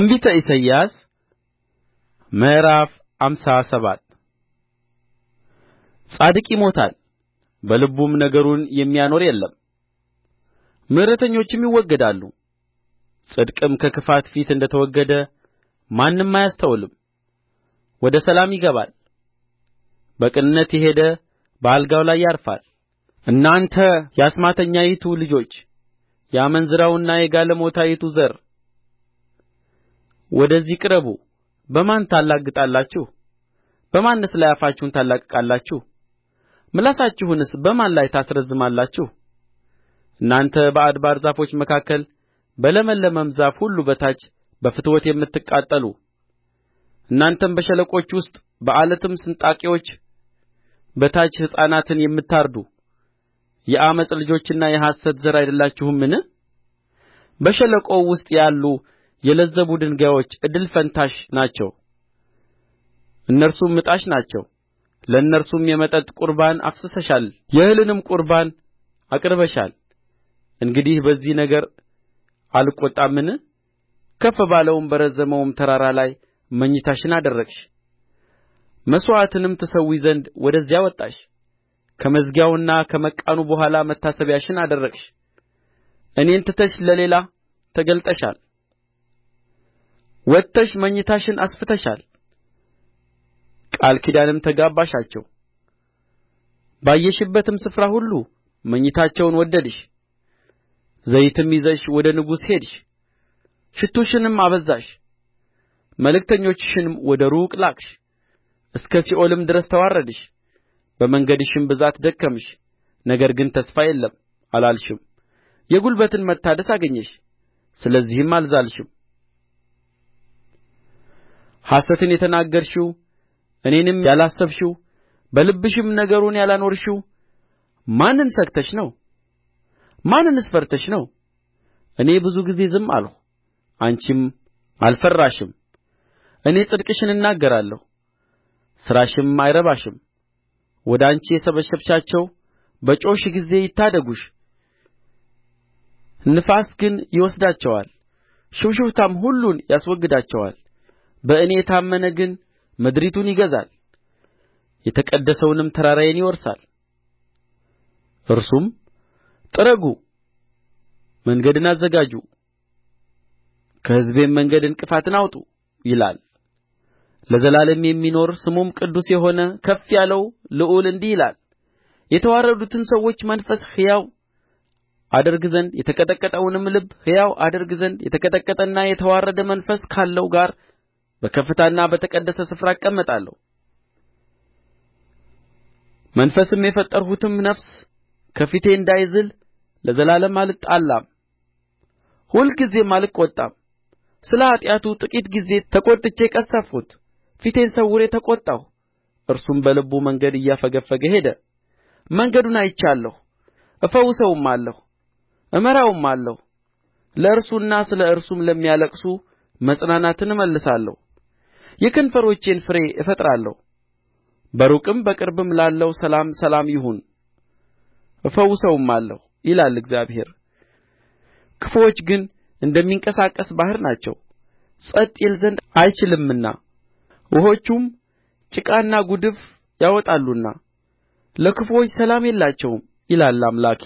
ትንቢተ ኢሳይያስ ምዕራፍ ሃምሳ ሰባት ጻድቅ ይሞታል በልቡም ነገሩን የሚያኖር የለም ምሕረተኞችም ይወገዳሉ ጽድቅም ከክፋት ፊት እንደ ተወገደ ማንም አያስተውልም ወደ ሰላም ይገባል በቅንነት የሄደ በአልጋው ላይ ያርፋል እናንተ የአስማተኛይቱ ልጆች የአመንዝራውና የጋለሞታይቱ ዘር ወደዚህ ቅረቡ በማን ታላግጣላችሁ በማንስ ላይ አፋችሁን ታላቅቃላችሁ ምላሳችሁንስ በማን ላይ ታስረዝማላችሁ እናንተ በአድባር ዛፎች መካከል በለመለመም ዛፍ ሁሉ በታች በፍትወት የምትቃጠሉ እናንተም በሸለቆች ውስጥ በዓለትም ስንጣቂዎች በታች ሕፃናትን የምታርዱ የዓመፅ ልጆችና የሐሰት ዘር አይደላችሁምን በሸለቆው ውስጥ ያሉ የለዘቡ ድንጋዮች እድል ፈንታሽ ናቸው እነርሱም ዕጣሽ ናቸው ለእነርሱም የመጠጥ ቍርባን አፍስሰሻል የእህልንም ቍርባን አቅርበሻል እንግዲህ በዚህ ነገር አልቈጣምን ከፍ ባለውም በረዘመውም ተራራ ላይ መኝታሽን አደረግሽ መሥዋዕትንም ትሠዊ ዘንድ ወደዚያ ወጣሽ ከመዝጊያውና ከመቃኑ በኋላ መታሰቢያሽን አደረግሽ እኔን ትተሽ ለሌላ ተገልጠሻል ወጥተሽ መኝታሽን አስፍተሻል ቃል ኪዳንም ተጋባሻቸው ባየሽበትም ስፍራ ሁሉ መኝታቸውን ወደድሽ ዘይትም ይዘሽ ወደ ንጉሡ ሄድሽ ሽቱሽንም አበዛሽ መልእክተኞችሽንም ወደ ሩቅ ላክሽ እስከ ሲኦልም ድረስ ተዋረድሽ በመንገድሽም ብዛት ደከምሽ ነገር ግን ተስፋ የለም አላልሽም የጕልበትን መታደስ አገኘሽ ስለዚህም አልዛልሽም ሐሰትን የተናገርሺው እኔንም ያላሰብሺው በልብሽም ነገሩን ያላኖርሺው ማንን ሰግተሽ ነው ማንንስ ፈርተሽ ነው እኔ ብዙ ጊዜ ዝም አልሁ አንቺም አልፈራሽም እኔ ጽድቅሽን እናገራለሁ ሥራሽም አይረባሽም ወደ አንቺ የሰበሰብሻቸው በጮኽሽ ጊዜ ይታደጉሽ ንፋስ ግን ይወስዳቸዋል ሽውሽውታም ሁሉን ያስወግዳቸዋል በእኔ የታመነ ግን ምድሪቱን ይገዛል የተቀደሰውንም ተራራዬን ይወርሳል እርሱም ጥረጉ መንገድን አዘጋጁ ከሕዝቤም መንገድ ዕንቅፋትን አውጡ ይላል ለዘላለም የሚኖር ስሙም ቅዱስ የሆነ ከፍ ያለው ልዑል እንዲህ ይላል የተዋረዱትን ሰዎች መንፈስ ሕያው አደርግ ዘንድ የተቀጠቀጠውንም ልብ ሕያው አደርግ ዘንድ የተቀጠቀጠና የተዋረደ መንፈስ ካለው ጋር በከፍታና በተቀደሰ ስፍራ እቀመጣለሁ መንፈስም የፈጠርሁትም ነፍስ ከፊቴ እንዳይዝል ለዘላለም አልጣላም ሁልጊዜም አልቈጣም ስለ ኃጢአቱ ጥቂት ጊዜ ተቈጥቼ ቀሠፍሁት ፊቴን ሰውሬ ተቈጣሁ እርሱም በልቡ መንገድ እያፈገፈገ ሄደ መንገዱን አይቻለሁ እፈውሰውማለሁ እመራውማለሁ ለእርሱና ስለ እርሱም ለሚያለቅሱ መጽናናትን እመልሳለሁ የከንፈሮቼን ፍሬ እፈጥራለሁ በሩቅም በቅርብም ላለው ሰላም ሰላም ይሁን እፈውሰውማለሁ ይላል እግዚአብሔር ክፉዎች ግን እንደሚንቀሳቀስ ባሕር ናቸው ጸጥ ይል ዘንድ አይችልምና ውኆቹም ጭቃና ጕድፍ ያወጣሉና ለክፉዎች ሰላም የላቸውም ይላል አምላኬ